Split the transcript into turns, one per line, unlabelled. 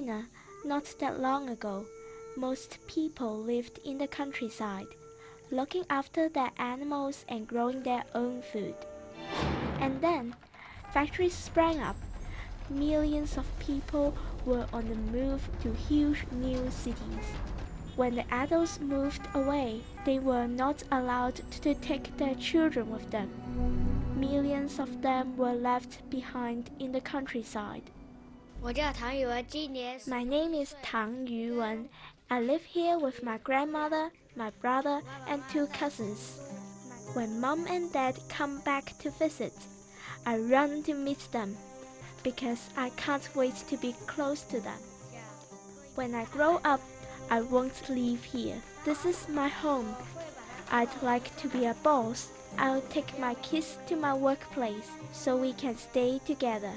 China, not that long ago, most people lived in the countryside, looking after their animals and growing their own food. And then, factories sprang up. Millions of people were on the move to huge new cities. When the adults moved away, they were not allowed to take their children with them. Millions of them were left behind in the countryside genius. My name is Tang Yuwen. I live here with my grandmother, my brother, and two cousins. When mom and dad come back to visit, I run to meet them because I can't wait to be close to them. When I grow up, I won't leave here. This is my home. I'd like to be a boss. I'll take my kids to my workplace so we can stay together.